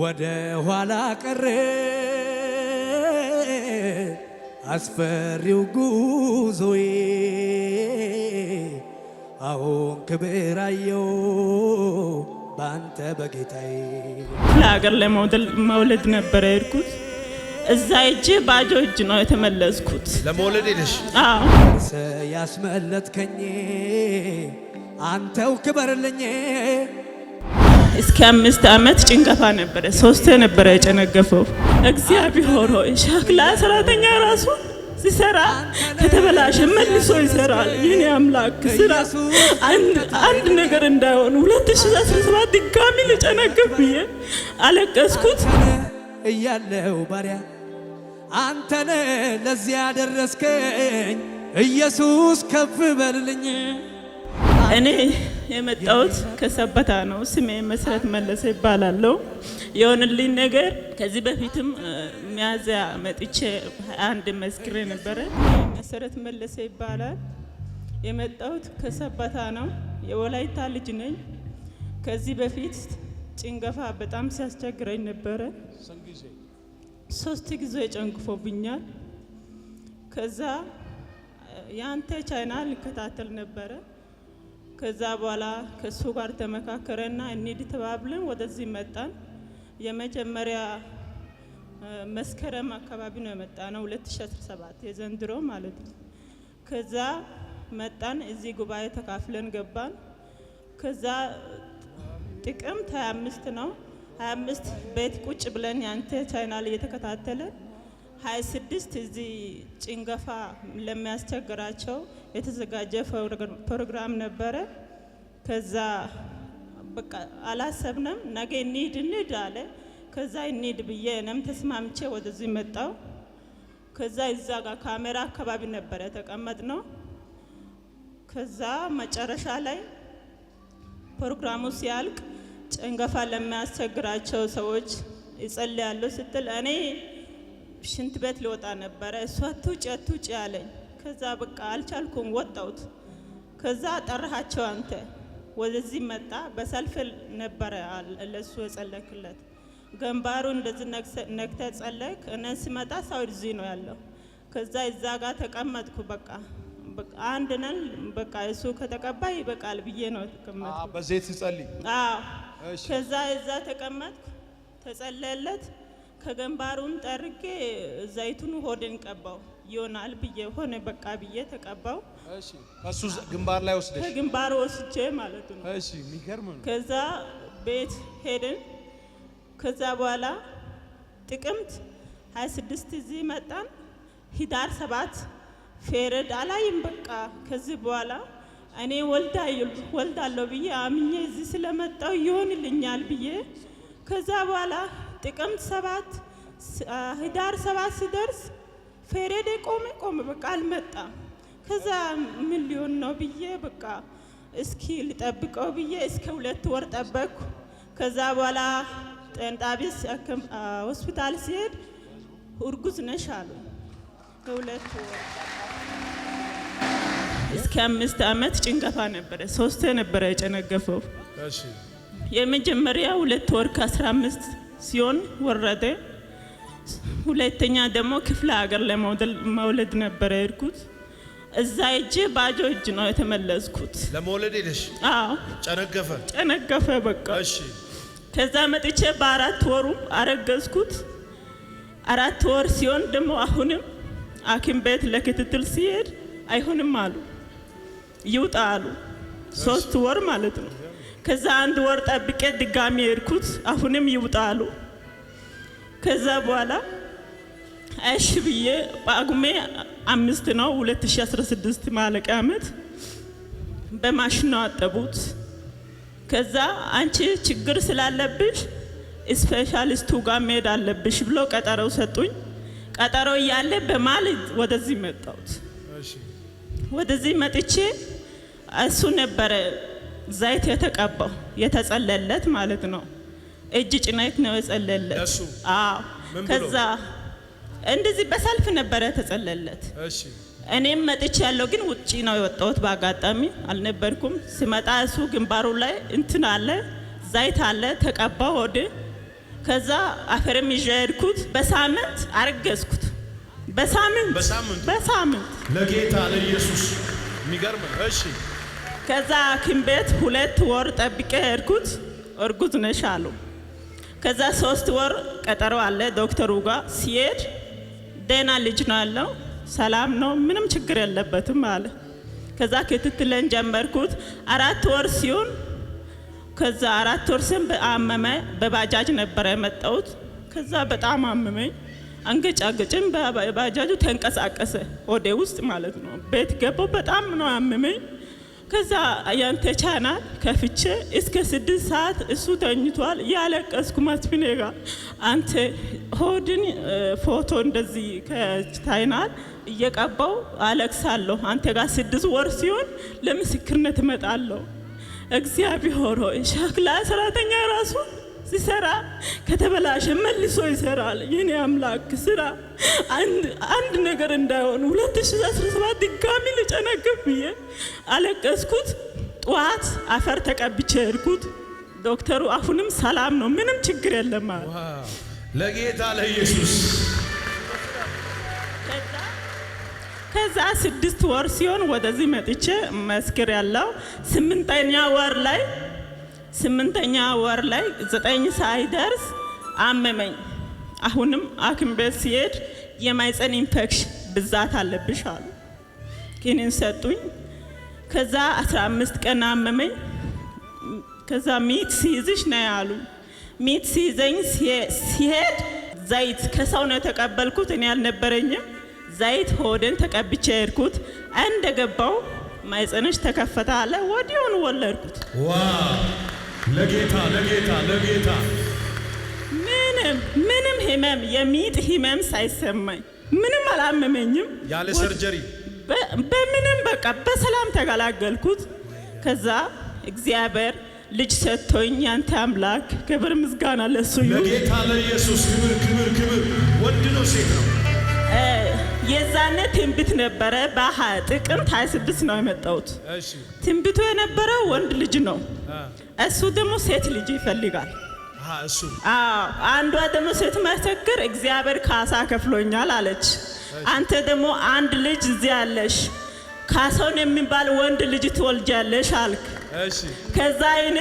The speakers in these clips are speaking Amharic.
ወደ ኋላ ቀረ አስፈሪው ጉዞዬ አሁን ክብር አየው ባንተ በጌታዬ። ለሀገር ለመውለድ ነበረ የሄድኩት። እዛ እጅ ባጆ እጅ ነው የተመለስኩት። ለመውለድ ሄደሽ? አዎ። ያስመለጥከኝ አንተው ክበርልኝ እስከ አምስት ዓመት ጭንቀፋ ነበረ፣ ሶስት ነበረ የጨነገፈው። እግዚአብሔር ሆይ ሸክላ ሰራተኛ ራሱ ሲሰራ ከተበላሸ መልሶ ይሰራል። የኔ አምላክ ስራ አንድ ነገር እንዳይሆን 2017 ድጋሚ ልጨነግፍ ብዬ አለቀስኩት። እያለው ባሪያ አንተነ ለዚያ ደረስከኝ ኢየሱስ ከፍ በልልኝ እኔ የመጣሁት ከሰበታ ነው። ስሜ መሰረት መለሰ ይባላለው። የሆንልኝ ነገር ከዚህ በፊትም ሚያዝያ መጥቼ አንድ መስክሬ ነበረ። መሰረት መለሰ ይባላል። የመጣሁት ከሰበታ ነው። የወላይታ ልጅ ነኝ። ከዚህ በፊት ጭንገፋ በጣም ሲያስቸግረኝ ነበረ። ሶስት ጊዜ ጨንግፎብኛል። ከዛ የአንተ ቻይና ልከታተል ነበረ ከዛ በኋላ ከእሱ ጋር ተመካከረና እንሂድ ተባብለን ወደዚህ መጣን። የመጀመሪያ መስከረም አካባቢ ነው የመጣ ነው 2017 የዘንድሮ ማለት ነው። ከዛ መጣን እዚህ ጉባኤ ተካፍለን ገባን። ከዛ ጥቅምት 25 ነው 25 ቤት ቁጭ ብለን ያንተ ቻይናል እየተከታተለን 26 እዚህ ጭንገፋ ለሚያስቸግራቸው የተዘጋጀ ፕሮግራም ነበረ። ከዛ በቃ አላሰብንም። ነገ እንሂድ እንሂድ አለ። ከዛ እንሂድ ብዬ እኔም ተስማምቼ ወደዚህ መጣው። ከዛ እዛ ጋር ካሜራ አካባቢ ነበረ ተቀመጥ ነው። ከዛ መጨረሻ ላይ ፕሮግራሙ ሲያልቅ ጭንገፋ ለሚያስቸግራቸው ሰዎች ይጸልያሉ ስትል እኔ ሽንት ቤት ልወጣ ነበረ። እሷ አትውጭ አትውጭ አለኝ። ከዛ በቃ አልቻልኩም፣ ወጣሁት። ከዛ ጠራሃቸው አንተ ወደዚህ መጣ። በሰልፍ ነበረ ለሱ የጸለክለት ግንባሩ እንደዚህ ነክተ ጸለክ። እነ ስመጣ ሰው እዚህ ነው ያለው። ከዛ እዛ ጋር ተቀመጥኩ። በቃ አንድ ነን በቃ እሱ ከተቀባይ ይበቃል ብዬ ነው ተቀመጥኩ። በዘይት ሲጸልይ ከዛ እዛ ተቀመጥኩ፣ ተጸለለት ከግንባሩን ጠርጌ ዘይቱን ሆድን ቀባው ይሆናል ብዬ ሆነ በቃ ብዬ ተቀባው። እሺ ከሱ ግንባር ላይ ወስደሽ ከግንባር ወስቼ ማለት ነው። እሺ የሚገርም ነው። ከዛ ቤት ሄድን። ከዛ በኋላ ጥቅምት 26 እዚህ መጣን። ህዳር ሰባት ፌረድ አላይም በቃ ከዚህ በኋላ እኔ ወልዳ ወልዳለሁ ብዬ አምኜ እዚህ ስለመጣው ይሆንልኛል ብዬ ከዛ በኋላ ጥቅምት ሰባት ህዳር ሰባት ስደርስ ፌሬዴ ቆመ ቆመ በቃ አልመጣም። ከዛ ምን ሊሆን ነው ብዬ በቃ እስኪ ልጠብቀው ብዬ እስከ ሁለት ወር ጠበቅኩ። ከዛ በኋላ ጤንጣቢስ ሆስፒታል ሲሄድ እርጉዝ ነሽ አሉ። ከሁለት ወር እስከ አምስት አመት ጭንገፋ ነበረ። ሶስቴ ነበረ የጨነገፈው የመጀመሪያ ሁለት ወር ከአስራ አምስት ሲሆን ወረደ። ሁለተኛ ደግሞ ክፍለ ሀገር ለመውለድ ነበረ የሄድኩት። እዛ እጅ ባጆ እጅ ነው የተመለስኩት። ለመውለድ ሄደሽ? አዎ። ጨነገፈ ጨነገፈ። በቃ እሺ። ከዛ መጥቼ በአራት ወሩ አረገዝኩት። አራት ወር ሲሆን ደግሞ አሁንም ሐኪም ቤት ለክትትል ሲሄድ አይሆንም አሉ፣ ይውጣ አሉ። ሶስት ወር ማለት ነው ከዛ አንድ ወር ጠብቄ ድጋሚ ሄድኩት። አሁንም ይውጣሉ። ከዛ በኋላ እሺ ብዬ ጳጉሜ አምስት ነው 2016 ማለቂያ ዓመት በማሽን አጠቡት። ከዛ አንቺ ችግር ስላለብሽ ስፔሻሊስቱ ጋር መሄድ አለብሽ ብሎ ቀጠረው ሰጡኝ። ቀጠረው እያለ በማል ወደዚህ መጣሁት። ወደዚህ መጥቼ እሱ ነበረ ዘይት የተቀባው የተጸለለት ማለት ነው። እጅ ጭነት ነው የጸለለት። አዎ ከዛ እንደዚህ በሰልፍ ነበረ የተጸለለት። እኔም መጥቼ ያለው ግን ውጭ ነው የወጣሁት። በአጋጣሚ አልነበርኩም። ስመጣ እሱ ግንባሩ ላይ እንትን አለ፣ ዘይት አለ፣ ተቀባው ወደ ከዛ አፈርም ይዤ ሄድኩት። በሳምንት አረገዝኩት። በሳምንት በሳምንት ለጌታ ለኢየሱስ የሚገርም እሺ ከዛ ሐኪም ቤት ሁለት ወር ጠብቄ ሄድኩት። እርጉዝ ነሽ አሉ። ከዛ ሶስት ወር ቀጠሮ አለ ዶክተሩ ጋር ሲሄድ ደህና ልጅ ነው ያለው፣ ሰላም ነው፣ ምንም ችግር የለበትም አለ። ከዛ ክትትለን ጀመርኩት አራት ወር ሲሆን ከዛ አራት ወር ስም አመመ። በባጃጅ ነበረ የመጣሁት። ከዛ በጣም አመመኝ። አንገጫገጭም። በባጃጁ ተንቀሳቀሰ ወደ ውስጥ ማለት ነው። ቤት ገባው። በጣም ነው አመመኝ። ከዛ ያንተ ቻናል ከፍቼ እስከ ስድስት ሰዓት እሱ ተኝቷል። ያለቀስኩ መስፍኔ ጋ አንተ ሆድን ፎቶ እንደዚህ ከታይናል እየቀባው አለቅሳለሁ። አንተ ጋር ስድስት ወር ሲሆን ለምስክርነት እመጣለሁ። እግዚአብሔር ሆሮ ሸክላ ሰራተኛ ራሱ ሲሰራ ከተበላሸ መልሶ ይሰራል። የኔ አምላክ ስራ አንድ ነገር እንዳይሆን 2017 ድጋሚ ልጨነግፍ ብዬ አለቀስኩት። ጠዋት አፈር ተቀብቼ ሄድኩት። ዶክተሩ አሁንም ሰላም ነው፣ ምንም ችግር የለም አለ። ለጌታ ለኢየሱስ ከዛ ስድስት ወር ሲሆን ወደዚህ መጥቼ መስክር ያለው ስምንተኛ ወር ላይ ስምንተኛ ወር ላይ ዘጠኝ ሳይደርስ አመመኝ። አሁንም ሐኪም ቤት ሲሄድ የማይፀን ኢንፌክሽን ብዛት አለብሽ አሉ። ኪኒን ሰጡኝ። ከዛ 15 ቀን አመመኝ። ከዛ ሚት ሲይዝሽ ነው ያሉ። ሚት ሲይዘኝ ሲሄድ ዘይት ከሰው ነው የተቀበልኩት፣ እኔ አልነበረኝም። ዘይት ሆደን ተቀብቼ ሄድኩት። እንደገባው ማይፀንሽ ተከፈተ አለ። ወዲያውኑ ወለድኩት። ለጌታ ለጌታ ለጌታ ምንም ምንም ህመም የሚጥ ህመም ሳይሰማኝ ምንም አላመመኝም። ያለ ሰርጀሪ በምንም በቃ በሰላም ተገላገልኩት። ከዛ እግዚአብሔር ልጅ ሰጥቶኝ ያንተ አምላክ ክብር ምስጋና ለሱ ይሁን። ለጌታ ለኢየሱስ ክብር ክብር ክብር። ወንድ ነው ሴት ነው? የዛነ ትንቢት ነበረ። በሀ ጥቅምት 26 ነው የመጣሁት። ትንቢቱ የነበረው ወንድ ልጅ ነው። እሱ ደግሞ ሴት ልጅ ይፈልጋል። አንዷ ደግሞ ስትመሰክር እግዚአብሔር ካሳ ከፍሎኛል አለች። አንተ ደግሞ አንድ ልጅ እዚያ አለሽ ካሳውን የሚባል ወንድ ልጅ ትወልጃለሽ አልክ። ከዛ አይኔ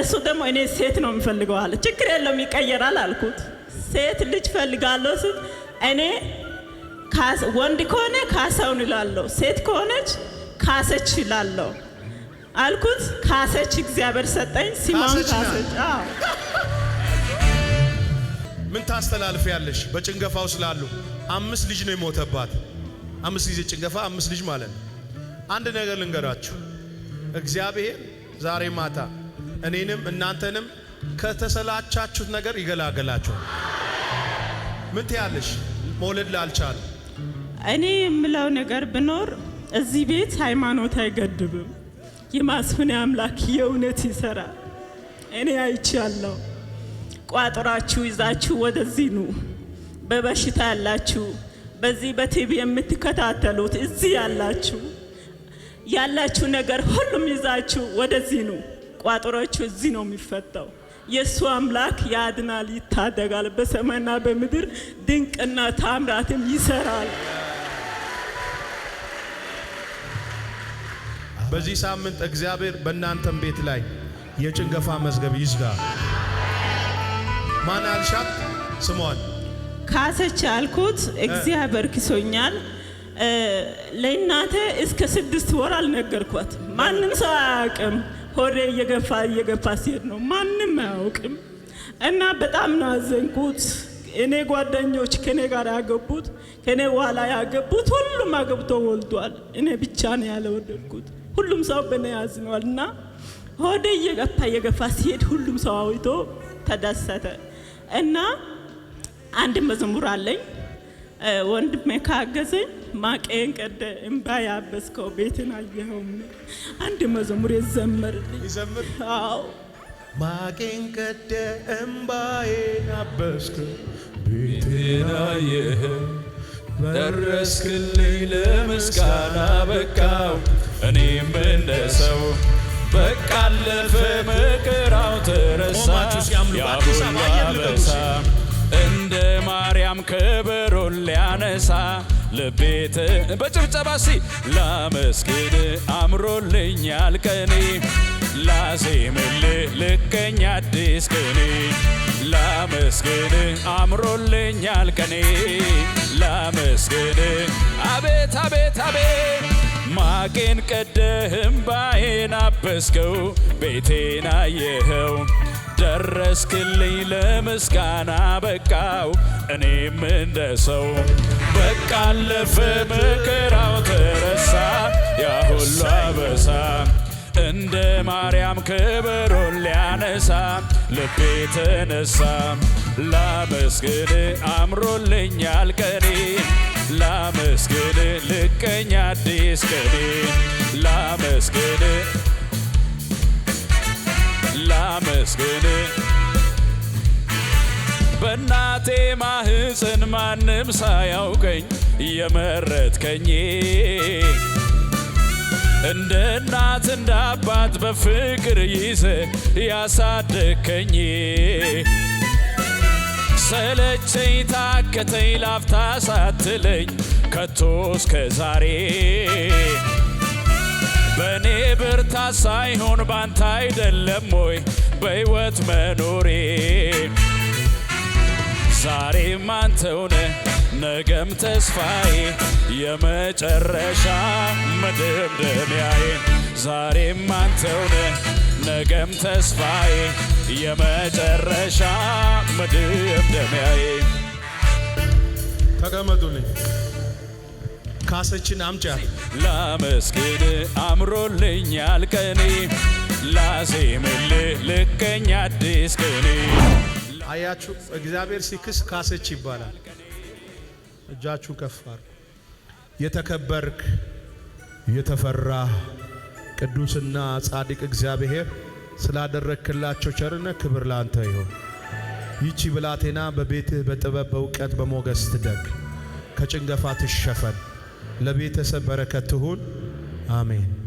እሱ ደግሞ እኔ ሴት ነው የሚፈልገው አለ። ችግር የለውም ይቀየራል አልኩት። ሴት ልጅ ፈልጋለሁ ስል እኔ ወንድ ከሆነ ካሳውን ይላለሁ፣ ሴት ከሆነች ካሰች ይላለሁ። አልኩት። ካሰች እግዚአብሔር ሰጠኝ። ሲሞን ካሰች። ምን ታስተላልፍ ያለሽ? በጭንገፋው ስላሉ አምስት ልጅ ነው የሞተባት። አምስት ጊዜ ጭንገፋ፣ አምስት ልጅ ማለት ነው። አንድ ነገር ልንገራችሁ፣ እግዚአብሔር ዛሬ ማታ እኔንም እናንተንም ከተሰላቻችሁት ነገር ይገላገላችኋል። ምን ትያለሽ? መውለድ ላልቻለ እኔ የምለው ነገር ብኖር እዚህ ቤት ሃይማኖት አይገድብም። የማስፍን አምላክ የእውነት ይሰራል። እኔ አይቻለሁ። ቋጥራችሁ ይዛችሁ ወደዚህ ኑ። በበሽታ ያላችሁ፣ በዚህ በቲቪ የምትከታተሉት፣ እዚህ ያላችሁ ያላችሁ ነገር ሁሉም ይዛችሁ ወደዚህ ኑ። ቋጥራችሁ እዚህ ነው የሚፈታው። የእሱ አምላክ ያድናል፣ ይታደጋል። በሰማይና በምድር ድንቅና ታምራትም ይሰራል። በዚህ ሳምንት እግዚአብሔር በእናንተም ቤት ላይ የጭንገፋ መዝገብ ይዝጋ። ማን አልሻት ስሟን ካሰች አልኩት። እግዚአብሔር ክሶኛል። ለእናቴ እስከ ስድስት ወር አልነገርኳት። ማንም ሰው አያውቅም። ሆዴ እየገፋ እየገፋ ሲሄድ ነው። ማንም አያውቅም እና በጣም ነው አዘንኩት። እኔ ጓደኞች ከኔ ጋር ያገቡት ከኔ በኋላ ያገቡት ሁሉም አገብቶ ወልዷል። እኔ ብቻ ነው ያለወደድኩት። ሁሉም ሰው በነያዝ ነዋል እና ሆዴ እየገፋ እየገፋ ሲሄድ ሁሉም ሰው አውቶ ተደሰተ እና አንድ መዝሙር አለኝ ወንድሜ ካገዘኝ ማቄን ቀደ እምባ ያበስከው ቤትን አየኸውም አንድ መዝሙር ይዘመርልኝ አዎ ማቄን ቀደ እምባዬን አበስከው ቤትን አየኸው ደረስክልኝ ለምስጋና በቃው እኔም እንደ ሰው በቃ መከራው ተረሳ። ያሁላ እንደ ማርያም ከበሮ ሊያነሳ ልቤት በጭብጨባ ሲ ላመስግን አምሮልኛል ቀኔ ላዜምል ልገኝ አዲስ ቀኔ ላመስግን አምሮልኛል ቀኔ ላመስግን አቤት አቤት አቤት ማቄን ቀደህም ባዬን አበስከው ቤቴን አየኸው ደረስክልኝ ለምስጋና በቃው እኔም እንደ ሰው በቃ አለፈ መከራው ተረሳ ያሁሉ አበሳ እንደ ማርያም ከበሮን ሊያነሳ ልቤ ተነሳ ላመስግን አምሮልኛል ቀኔ ላመስግን ልቀኝ አዲስ ቀኔ ላመስግን ላመስግን በእናቴ ማህፅን ማንም ሳያውቀኝ የመረጥከኝ እንደ እናት እንደ አባት በፍቅር ይዘ ያሳደግከኝ ሰለቸኝ ታከተኝ ላፍታ ሳትለኝ ከቶ እስከ ዛሬ በእኔ ብርታ ሳይሆን ባንታ አይደለም ወይ በሕይወት መኖሬ ዛሬም አንተውነ ነገም ተስፋዬ የመጨረሻ መደምደሚያዬ ዛሬም አንተውነ ነገም ተስፋዬ የመጨረሻ መደምደሚያዬ። ተቀመጡልኝ። ካሰችን አምጫል ላመስግን አምሮልኛል ቀኔ ላሴምል ልቀኝ አዲስ ቀኔ። አያችሁ እግዚአብሔር ሲክስ ካሰች ይባላል። እጃችሁ ከፋር የተከበርክ የተፈራ ቅዱስና ጻድቅ እግዚአብሔር ስላደረክላቸው ቸርነት ክብር ላንተ ይሁን። ይቺ ብላቴና በቤትህ በጥበብ በእውቀት በሞገስ ትደግ፣ ከጭንገፋ ትሸፈን፣ ለቤተሰብ በረከት ትሁን። አሜን።